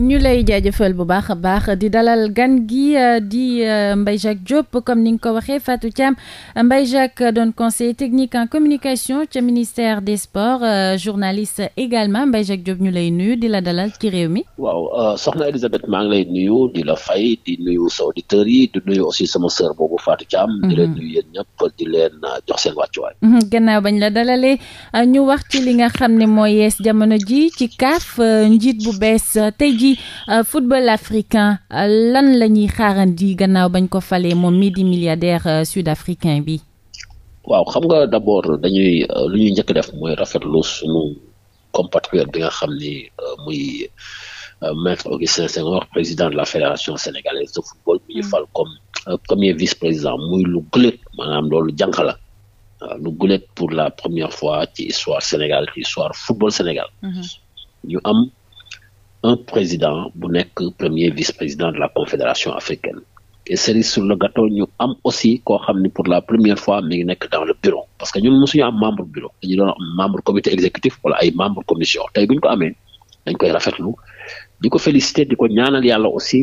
ñu lay jaajëfal bu baax a baax di dalal gan gi euh, di euh, Mbaye Jacques Diop comme ni nga ko waxee Fatou Thiam Mbaye Jacques euh, doon conseil technique en communication ca ministère des sports journaliste également Mbaye Jacques ñu lay nuyu di la dalal ci réew mi. waaw soxna Elisabeth maa ngi lay nuyu di la fay di nuyu sa auditeurs yi di nuyu aussi sama sœur boobu Fatou Thiam. Mm-hmm. di leen nuyu yéen ñëpp di leen jox seen wàccuwaay. Mm-hmm. gannaaw bañ la dalalee ñu wax ci li nga xam ne mooy yees jamono ji ci CAF njiit bu bees tey ji euh, football africain euh, lan la ñuy xaarandi gannaaw bañ ko falee moom mii di milliardaire euh, sud-africain bi. waaw xam nga d'abord dañuy lu ñuy njëkk def mooy rafetlu suñu compatriote bi nga xam ni muy maître Augustin Senghor président de la fédération sénégalaise de football bu mm. ñu fal comme premier vice-président muy lu gulet maanaam loolu jànq la lu gulet pour la première fois ci histoire Sénégal ci histoire football Sénégal mm-hmm. ñu am un président bu nekk premier vice-président de la confédération africaine et sur le gâteau ñu am aussi koo xam ni pour la première fois mi ngi nekk dans le bureau parce que ñun mosuñu am membre bureau membre comité exécutif wala ay membre commission tey bu ko amee dañ koy rafetlu di ko féliciter di ko ñaanal yàlla aussi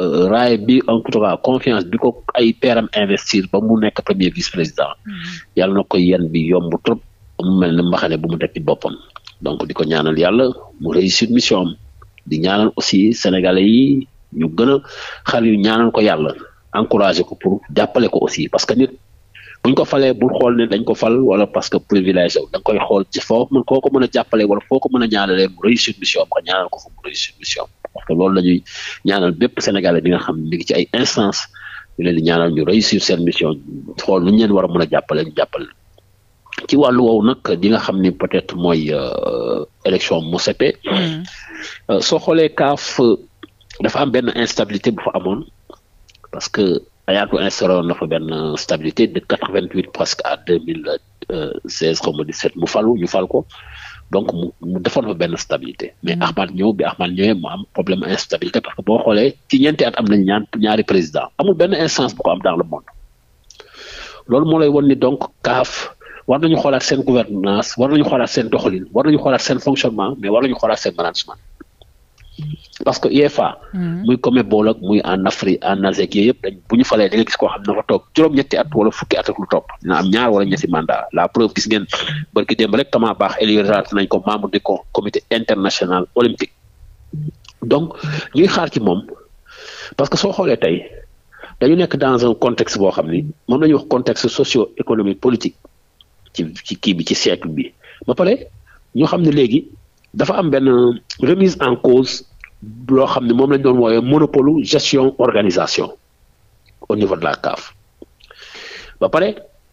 euh, raay bi en tout cas confiance bi ko ay peeram investir ba mu nekk premier vice-président mm-hmm. yàlla na ko yen bi yomb trop mu mel ne di ñaanal aussi sénégalais yi ñu gën a xar yu ñaanal ko yàlla encouragé ko pour jàppale ko aussi parce que nit buñ ko falee bu xool ne dañ ko fal wala parce que privilège da nga koy xool ci foo mën koo ko mën a jàppalee wala foo ko mën a ñaanalee mu réussir mission am nga ñaanal ko fu mu réussir mission parce que loolu la ñuy ñaanal bépp sénégalais bi nga xam ne ngi ci ay instance ñu leen ñaanal ñu réussir seen mission xool nu ñu leen war a mën a jàppale ñu jàppale ci wàllu woowu nag di nga xam ni peut-être mooy euh, élection mu sepe hmm. euh, soo xoolee kaaf dafa am benn instabilité bu fa amoon parce que Hayatou instauré woon na fa benn stabilité de quatre-vingt-huit presque à deux mille euh, seize xaw ma dix-sept mu falu ñu fal ko donc mu mu defoon fa benn stabilité mais hmm. Ahmad ñëw bi Ahmad ñëwee mu am problème instabilité parce que boo xoolee ci ñeenti at am na ñaan ñaari président amul benn instance bu ko am dans le monde loolu moo lay won donc kaaf war nañu xoolaat seen gouvernance war nañu xoolaat seen doxalin war nañu xoolaat seen fonctionnement mais war nañu xoolaat seen management parce que UEFA. Mm-hmm. muy CONMEBOL ak muy en Afrique en Asie ak bu ñu falee da nga gis koo xam ne fa toog juróom-ñetti at wala fukki at ak lu topp dina am ñaar wala ñetti mandat la preuve gis barki démb rek tamaa baax éliraat nañ ko membre du comité international olympique donc ñuy xaar ci moom parce que soo xoolee tey dañu nekk dans un contexte boo xam ni moom la ñuy wax socio économique politique ci ci kii bi ci siècle bi ba pare ñu xam ne léegi dafa am benn remise en cause loo xam ne moom lañ doon wooyee monopole gestion organisation au niveau de la CAF ba pare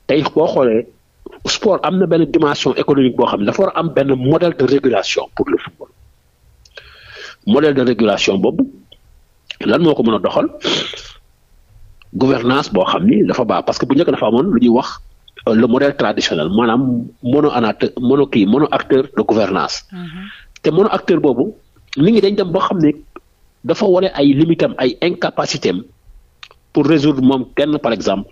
tey boo xoolee sport am na benn dimension économique boo xam ne dafa war a am benn modèle de régulation pour le football modèle de régulation boobu lan moo ko mën a doxal gouvernance boo xam ni dafa baax parce que bu njëkk dafa amoon lu ñuy wax Euh, le modèle traditionnel maanaam mono anateur mono kii mono acteur de gouvernance mhm. te mono acteur boobu nit ñi dañ dem boo xam ne dafa wane ay limitam ay incapacité pour résoudre moom kenn par exemple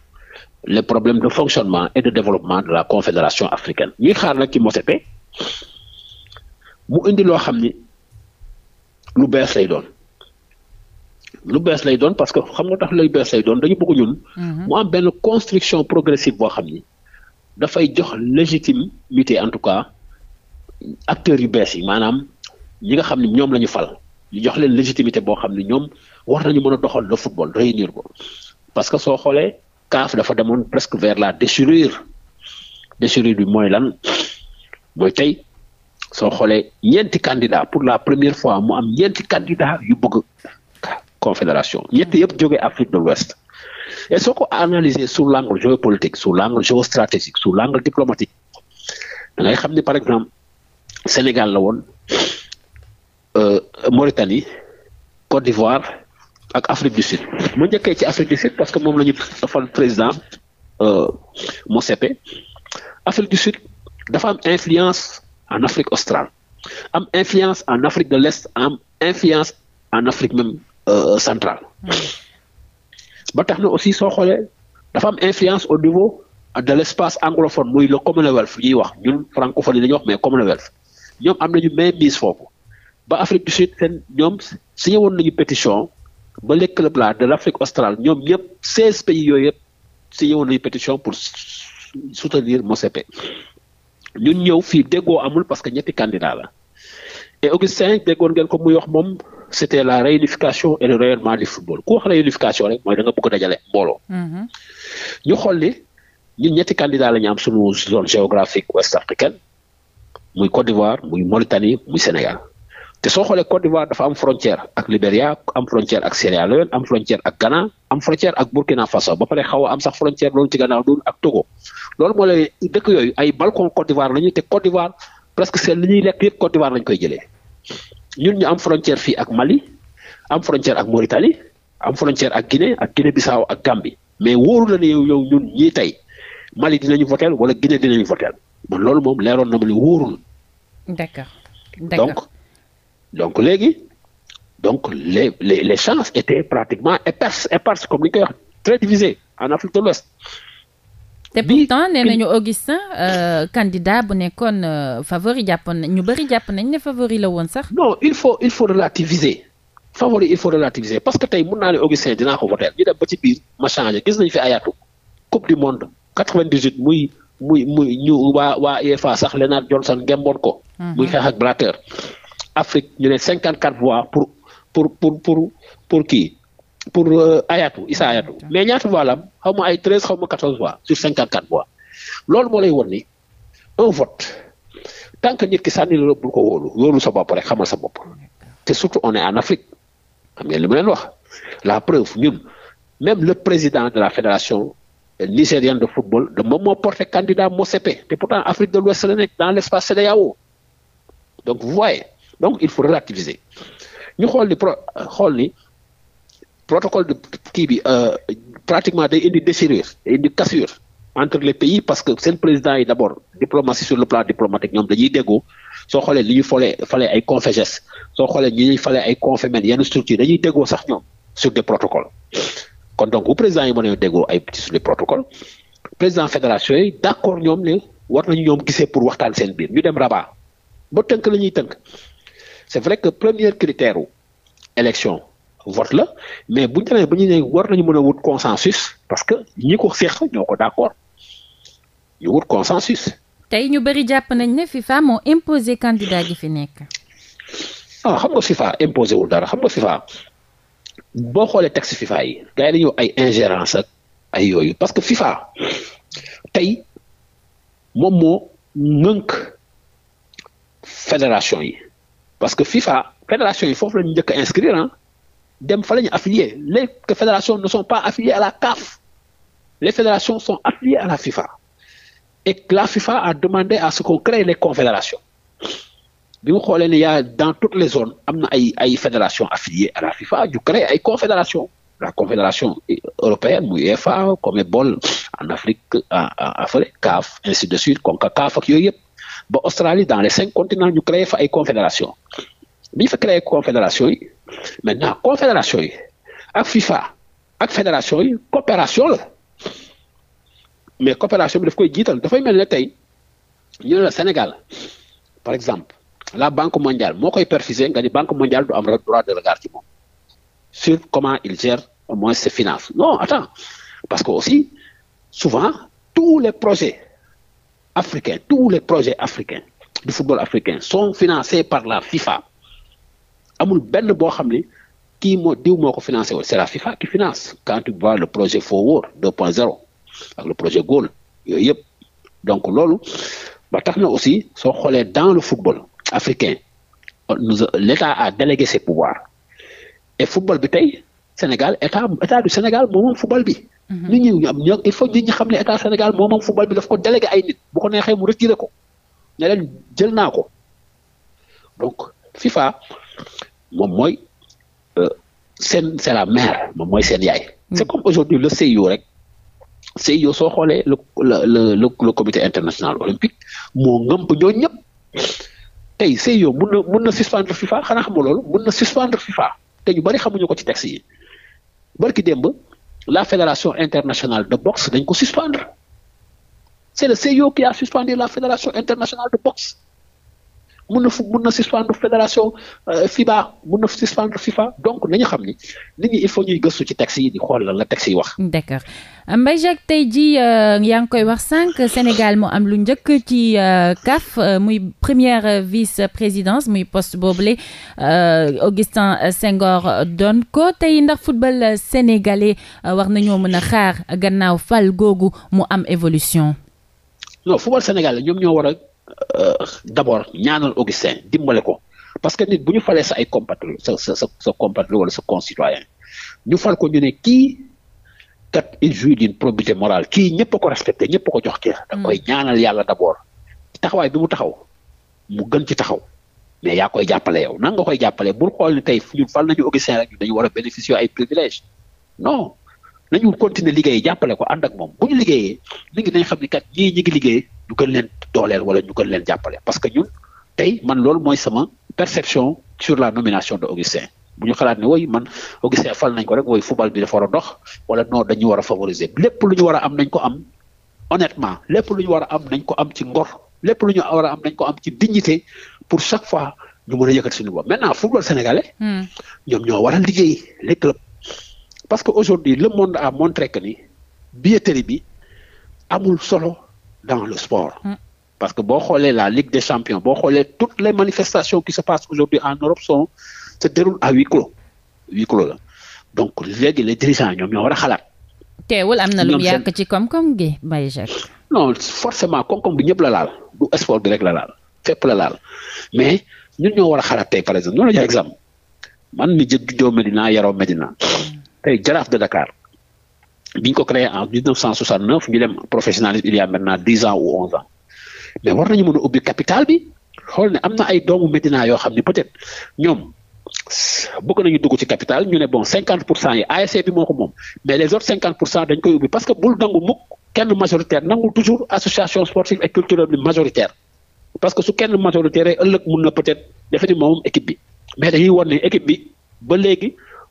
les problème de fonctionnement et de développement de la confédération africaine ñuy xaar nag ci Motsepe mu indi loo xam ni lu bees lay doon lu bees lay doon parce que xam nga tax lay bees lay doon dañu bëgg ñun. Mhm. mu am benn construction progressive boo xam ni dafay jox légitimité en tout cas acteurs yu bees yi maanaam ñi nga xam ni ñoom la ñu fal ñu jox leen légitimité boo xam ni ñoom war nañu mën a doxal le football réunir ko parce que soo xoolee CAF dafa demoon presque vers la déchirure déchirure bi mooy lan mooy tey. soo xoolee ñeenti candidat pour la première fois mu am ñeenti candidat confédération ñett yëpp jógee Afrique de l'Ouest et soo ko analyser sous l'angle géopolitique sous l'angle géostratégique sous l'angle diplomatique da xam ni par exemple Sénégal la woon euh, Mauritanie Côte d'Ivoire ak Afrique du Sud mu njëkkee ci Afrique du Sud parce que moom la ñu fal président euh, Motsepe Afrique du Sud dafa am influence en Afrique australe am influence en Afrique de l'Est am influence en Afrique même Euh, central. Hmm. ba tax na aussi soo xoolee dafa am influence au niveau de l' espace anglophone muy le Commonwealth ñuy wax ñun francophone yi la ñuy wax mais Commonwealth ñoom am nañu mainmise foofu ba Afrique du Sud seen ñoom signé woon nañu pétition ba le plat là de l' Afrique australe ñoom ñëpp seize pays yooyu yëpp si woon nañu pétition pour soutenir Motsepe ñun ñëw fii déggoo amul parce que ñetti candidat la et Augustin déggoon ngeen ko muy wax moom c' était la réunification et le rayonnement du football ku wax réunification rek mooy da nga dajale mbooloo. Mhm. ñu xool ni ñun ñetti candidat la ñu am suñu zone géographique ouest africaine muy Côte d'Ivoire muy Mauritanie muy Sénégal te soo xoolee Côte d'Ivoire dafa am frontière ak Libéria am frontière ak Sierra Leone am frontière ak Ghana am frontière ak Burkina Faso ba pare xaw am sax frontière loolu ci gannaaw loolu ak Togo loolu dëkk yooyu ay balcon Côte d'Ivoire la ñu te Côte parce que seen li ñuy lekk yëpp Côte d'Ivoire lañ koy jëlee ñun ñu am frontière fii ak Mali am frontière ak Mauritanie am frontière ak Guinée ak Guinée-Bissau ak Gambie mais wóoru la ne yow yow ñun ñii tey Mali dinañu votel wala Guinée dinañu votel ma loolu moom leeroon na ma ni wóorul. d'accord d'accord donc donc léegi donc les les les chances étaient pratiquement éparses éparses comme ni ñu koy très divisées en Afrique de l'Ouest te pourtant nee nañu Augustin euh, candidat bu nekkoon euh, favori jàppoon nañ ñu bari jàpp nañ ne favori la woon sax. non il faut il faut relativiser favori il faut relativiser parce que tey mun naa ne Augustin dinaa ko voter ñu dem ba ci biir ma changé gis nañ fi ayatu coupe du monde 98 muy muy muy ñu waa waa UEFA sax Lennart Johnson ngemboon ko. Mhm. muy xeex ak Blatter. Afrique ñu ne 54 voix pour pour pour pour pour kii pour euh, Ayatou Issa ah, Ayatou mais ñaata voix la am xaw ma ay treize xaw ma quatorze voix sur cinquante quatre voix loolu moo lay won ni un vote tant que nit ki sànni la bul ko wóolu wóolu sa bopp rek xamal sa bopp te surtout on est en Afrique xam ngeen li mu leen wax la preuve ñun même le président de la fédération nigérienne de football de moom moo porté candidat Mosepe te pourtant Afrique de l'Ouest la nekk dans l'espace CEDEAO donc vous donc il faut relativiser ni xool ni protocole de kii bi euh, pratiquement day indi déchirure day indi cassure entre les pays parce que seen président yi d' abord diplomatie sur le plan diplomatique ñoom dañuy déggoo soo xoolee li ñu folee falee ay conféges soo xoolee ñu ñuy falee ay confémènes yenn structure dañuy déggoo sax ñoom sur des protocoles kon donc bu président yi mën a déggoo ay sur les protocoles président fédération yi d' accord ñoom ne war nañu ñoom gisee pour waxtaan seen biir ñu dem Rabat ba tënk la ñuy tënk est vrai que premier critère élection vote la mais bu ñu demee ba ñu ne war nañu mën a wut consensus parce que ñi ko seex ñoo ko d'accord ñu wut consensus. tey ñu bëri jàpp nañ ne FIFA moo imposé candidat gi fi nekk. ah xam nga FIFA imposé wul dara xam nga FIFA boo xoolee texte FIFA yi gars yi ay ingérence ak ay yooyu parce que FIFA tey moom moo ŋënk fédération yi parce que FIFA fédération yi foofu lañ njëkk a dem fa la ñu affilié les fédérations ne sont pas affiliées à la CAF les fédérations sont affiliées à la FIFA et la FIFA à demandé à ce qu'on crée les confédérations bi mu xoolee ne dans toutes les zones am na ay ay fédérations affiliées à la FIFA ñu créé ay confédérations la confédération européenne muy UEFA CONMEBOL en Afrique en Afrique CAF ainsi de suite CONCACAF ak yooyu yëpp ba Australie dans les cinq continents ñu créé fa ay confédérations bi ñu fa confédération yi maintenant confédération yi ak FIFA ak fédération yi coopération la mais coopération bi daf koy jiital dafay mel ne tey ñu la Sénégal par exemple la banque mondiale moo koy perfusé nga ni banque mondiale du am droit de regard ci moom sur comment il gère au moins ses finances non attends parce que aussi souvent tous les projets africains tous les projets africains du football africain sont financés par la FIFA amul benn boo xam ne kii moo diw moo ko financé woon c'est la FIFA qui finance quand tu vois le projet Forward 2.0 ak le projet Goal yooyu yëpp donc loolu ba tax na aussi soo xoolee dans le football africain nous l'État a délégué ses pouvoirs et football bi tey Sénégal état état du Sénégal moo football bi. Mm-hmm. nit ñi il faut nit ñi xam ne état Sénégal moo moom football bi daf ko délégué ay nit bu ko neexee mu retiré ko ne jël naa ko donc FIFA. moom mooy euh, seen c'est la mère moom mooy seen yaay. Mm. c'est comme aujourd'hui le CIO rek CIO soo xoolee le le le le comité international olympique moo ngëmp ñooñu ñëpp tey CIO mun na mun na suspendre FIFA xanaa xam nga loolu mun na suspendre FIFA te ñu bari xamuñu ko ci texte yi barki démb la fédération internationale de boxe dañ ko suspendre c'est le CIO qui a suspendu la fédération internationale de boxe. mun na fu mun na suspendre fédération euh, FIBA mun na suspendre FIFA donc nañu xam ni nit ñi il faut ñuy gëstu ci texte yi di xool lan la texte yi wax. d'accord Mbaye tey jii euh, yaa ngi koy wax sànq Sénégal mu am lu njëkk ci euh, CAF muy première vice-présidence muy poste boobule Augustin Senghor doon ko tey ndax football sénégalais war nañoo mën a xaar gannaaw fal googu mu am évolution. non football sénégalais ñoom ñoo war Euh, d' abord ñaanal Augustin dimbale ko parce que nit bu ñu falee sa ay compatriote sa sa sa wala sa concitoyen ñu fal ko ñu ne kii kat il jouit d'une probité morale kii ñëpp ko respecté ñëpp ko jox cër. da koy mm. ñaanal yàlla d' abord taxawaay bi mu taxaw mu gën ci taxaw mais yaa koy jàppale yow nan nga koy jàppalee bul xool ne tey ñun fal nañu Augustin rek ñu dañu war a bénéficier ay privilèges non nañu continuer liggéey jàppale ko ànd ak moom bu ñu liggéeyee nit ñi dañ xam ni kat ñii ñi ngi liggéey ñu gën leen dooleel wala ñu gën leen jàppale parce que ñun tey man loolu mooy sama perception sur la nomination de Augustin bu ñu xalaat ne woy man Augustin fal nañ ko rek woy football bi dafa war a dox wala non dañu war a favoriser lépp lu ñu war a am nañ ko am honnêtement lépp lu ñu war a am nañ ko am ci ngor lépp lu ñu war a am nañ ko am ci dignité pour chaque fois ñu mën a yëkkat suñu bopp maintenant football sénégalais. Hmm. ñoom ñoo parce que aujourd'hui le monde a montré que ni billetterie bi amul solo dans le sport. Mm. parce que boo xoolee la Ligue de champions boo xoolee toutes les manifestations qui se passent aujourd'hui en Europe sont se déroulent à huis clos la donc léegi les dirigeants ñoom ñoo war a xalaat. teewul am na lu yàq ci koom-koom gi Mbaye Jacques. non forcément koom bi ñëpp la laal du sport bi rek la laal fépp la laal mais ñu ñoo war xalaat tey par exemple ñoo la jox exemple man mi jëg juddoo Medina yaroo Medina jaraaf de Dakar bi ko créé en 1969 ñu il y a ans ou onze ans mais war nañu mën a ubbi capital bi xool ne am na ay doomu Médina yoo xam ne peut-être ñoom bëgg nañu dugg ci capital ñu ne bon cinquante pour cent yi ASC bi moo ko moom mais les autres cinquante pour cent dañ koy ubbi parce que bul nangu mukk kenn majoritaire nangu toujours association sportive et culturelle bi majoritaire parce que su kenn majoritaire ëllëg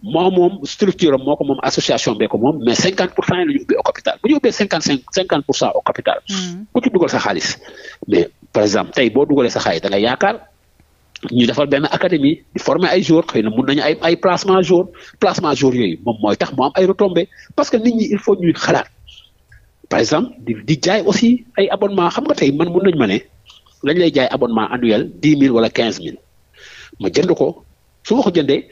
moo moom structure am moo ko moom association bee ko moom mais cinquante pour cent yi la ñu ubbi au capital bu ñu ubbee cinquante cinq cinquante pour cent au capital. Mm. ku xaalis mais par exemple tey boo dugalee sa xaalis yaakaar. ñu defal benn académie di former ay jour xëy na mun nañu ay ay placement jour placement jour yooyu moom mooy tax moom am ay retombées parce que nit ñi il faut ñuy xalaat par exemple di di jaay aussi ay abonnement xam nga tey man mun nañ ma ne lañ lay jaay abonnement annuel dix mille wala quinze mille ma jënd ko su ko jëndee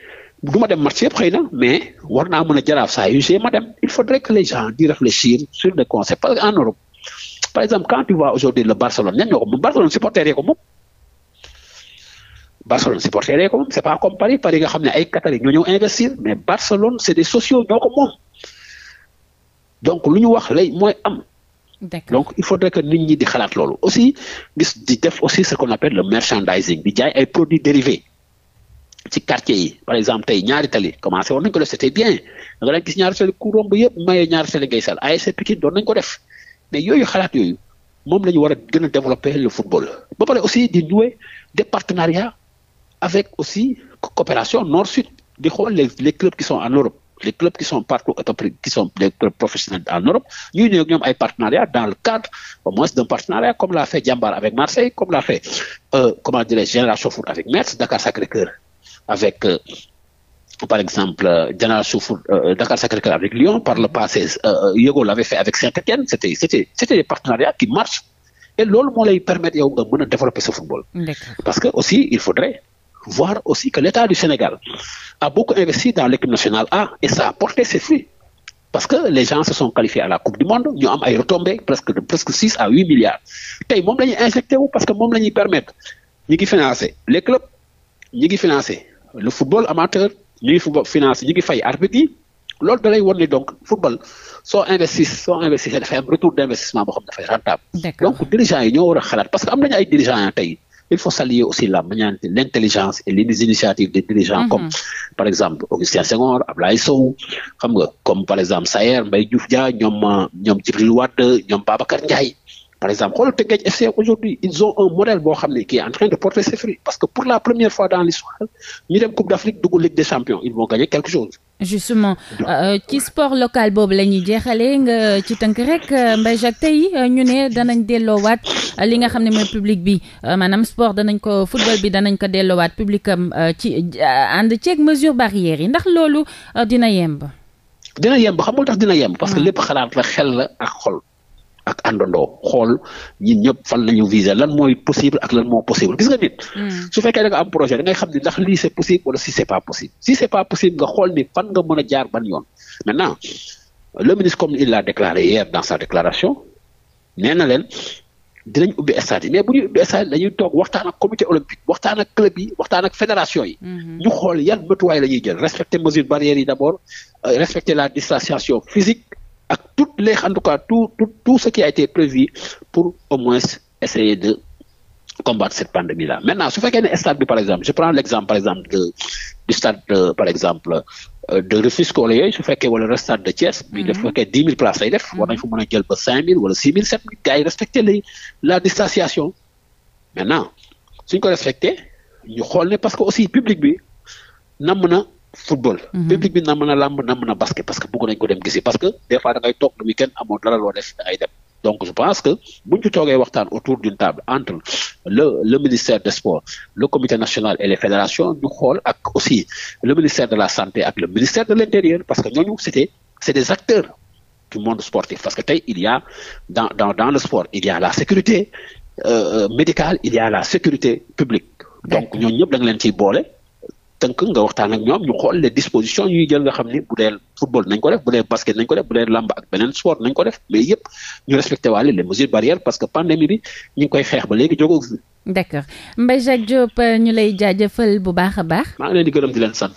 du ma dem match yëpp xëy na mais war naa mën a jaraaf saa yu see ma dem il faudrait que les gens di réfléchir sur les concepts parce que en Europe par exemple quand tu vois aujourd'hui Barcelone ñan ñoo ko Barcelone supporter yee ko moom Barcelone supporter yee ko moom c'est pas comme Paris Paris nga xam ne ay Qataris ñoo ñëw investir mais Barcelone c'est des sociaux ñoo ko moom donc lu ñu wax lay mooy am. D'accord. donc il faudrait que nit ñi di xalaat loolu aussi gis di def aussi ce qu'on appelle le merchandising di jaay ay produits dérivés. ci quartier yi par exemple tey ñaari tali commencé woon nañ ko def c'était bien da nga gis ñaari ku romb yëpp maye ñaari tali ngay sal ASC Pikine doon nañ ko def mais xalaat yooyu moom la ñu war a gën a développer le football ba pare aussi di nouer des partenariats avec aussi coopération nord sud di xool les les clubs qui sont en Europe les clubs qui sont partout qui sont des clubs professionnels en Europe ñuy ñëw ñoom ay partenariats dans le cadre avec euh, par exemple Diana euh, Soufour euh, Dakar Sacré-Cœur avec Lyon par le passé Yego l'avait fait avec saint c'était c'était c'était qui marchent et loolu moo lay permettre yow nga mën développer sa football parce que aussi il faudrait voir aussi que l'État du Sénégal a beaucoup investi dans l'équipe nationale A et ça a porté ses fruits parce que les gens se sont qualifiés à la coupe du monde ñu am ay presque de presque six à huit milliards tey que moom la ñuy permettre ñi ngi financé les clubs ñi ngi financé le football amateur ñu ngi football finance ñu ngi fay arbitre yi loolu da lay wan ni donc football soo investir soo investir dafay am retour d' investissement boo xam dafay rentable. donc dirigeants yi ñoo war a xalaat parce que am nañu ay dirigeants tey. il faut saluer aussi la magnanimité l'intelligence et les initiatives des mhm. comme par exemple Augustin Senghor Ablaye Sow xam nga comme par exemple Sayer Mbaye Diouf Dia ñoom ñoom Djibril Wade ñoom Babacar Ndiaye par exemple xoolal Teungueth FC aujourd'hui ils ont un modèle boo xam ne qui est en train de porter ses fruits parce que pour la première fois dans l'histoire ñu dem Coupe d'Afrique dugg Ligue des champions ils vont gagner quelque chose justement euh, euh, ci sport local boobu la ñuy jeexalee nga euh, ci tënk rek Mbaye Jacques tey ñu ne danañ delloowaat li nga xam ne mooy public bi maanaam sport danañ ko football bi danañ ko delloowaat public am ci ànd ceeg mesure barrières yi ndax loolu dina yemb dina yemb xamul tax dina yemb parce que hmm. lépp xalaat la xel la ak àndandoo xool ñun ñëpp fan la ñu lan mooy possible ak lan moo possible gis nga nit. Hmm. su fekkee da nga am projet da ngay xam ni ndax lii c'est possible wala si c'est pas possible si c'est pas possible nga xool ni fan nga mën a jaar ban yoon maintenant le ministre comme il l'a déclaré hier dans sa déclaration nee na leen. dinañ ubbi stade yi bu ñu ubbi stade yi toog waxtaan ak comité olympique waxtaan ak club yi waxtaan ak fédération yi. Hmm. la ñuy jël respecter ak tout les en tout cas tout tout tout ce qui a été prévu pour au moins essayer de combattre cette pandémie là maintenant su fekkee ne stade bi par exemple je prends l'exemple par exemple de stade par exemple euh, de Rufisque wala yooyu su fekkee wala stade de Thiès bi def mhm. fekkee dix mille places lay def war nañ fa mën a jël ba cinq mille wala six mille sept mille gars yi respecté la la distanciation maintenant suñ ko respecté ñu xool ne parce que aussi public bi nam na football. Mhm. public bi namm na làmb namm na basket parce que bëgg nañ ko dem gisi parce que des fois da ngay toog le week-end amoo dem. donc je pense que buñ ci toogee waxtaan autour d'une table entre le le ministère des sports le comité national et les fédérations ñu xool ak aussi le ministère de la santé ak le ministère de l'intérieur parce que ñooñu c'était c'est des acteurs du monde sportif parce que tey il y a dans le sport il y a la sécurité euh, euh médicale il y la sécurité publique donc ñooñu ñëpp da leen ciy boole tënk nga waxtaan ak ñoom ñu xool les dispositions ñuy jël nga xam ni bu dee football nañ ko def bu dee basket nañ ko def bu dee làmb ak beneen sport nañ ko def mais yëpp ñu respecté waale les mesures barrières parce que pandémie bi ñu koy xeex ba léegi jógoo fi. d'accord Mbaye Jacques Diop ñu lay jaajëfal bu baax a baax. maa ngi leen di gërëm di leen sant.